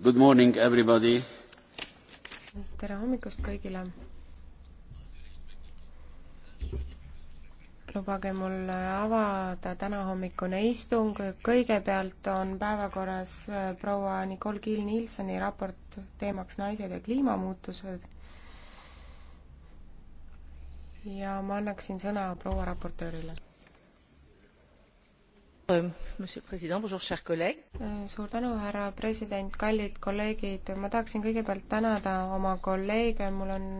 Good morning everybody! tere hommikust kõigile! lubage mul avada tänahommikune istung. kõigepealt on päevakorras äh, proua Nicole Kiil-Nielsoni raport teemaks naised ja kliimamuutused. ja ma annaksin sõna proua raportöörile Euh, euh, suur tänu, härra president, kallid kolleegid, ma tahaksin kõigepealt tänada oma kolleege, mul on